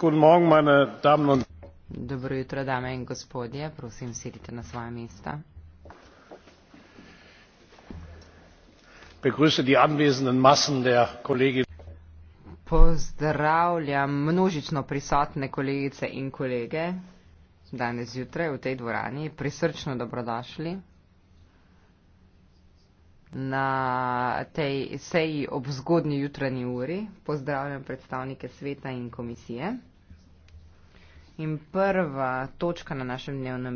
Dobro jutro, dame in gospodje. Prosim, sedite na svoje mesta. Pozdravljam množično prisotne kolegice in kolege danes zjutraj v tej dvorani. Prisrčno dobrodošli na tej seji ob zgodnji jutranji uri. Pozdravljam predstavnike sveta in komisije. In prva točka na našem dnevnem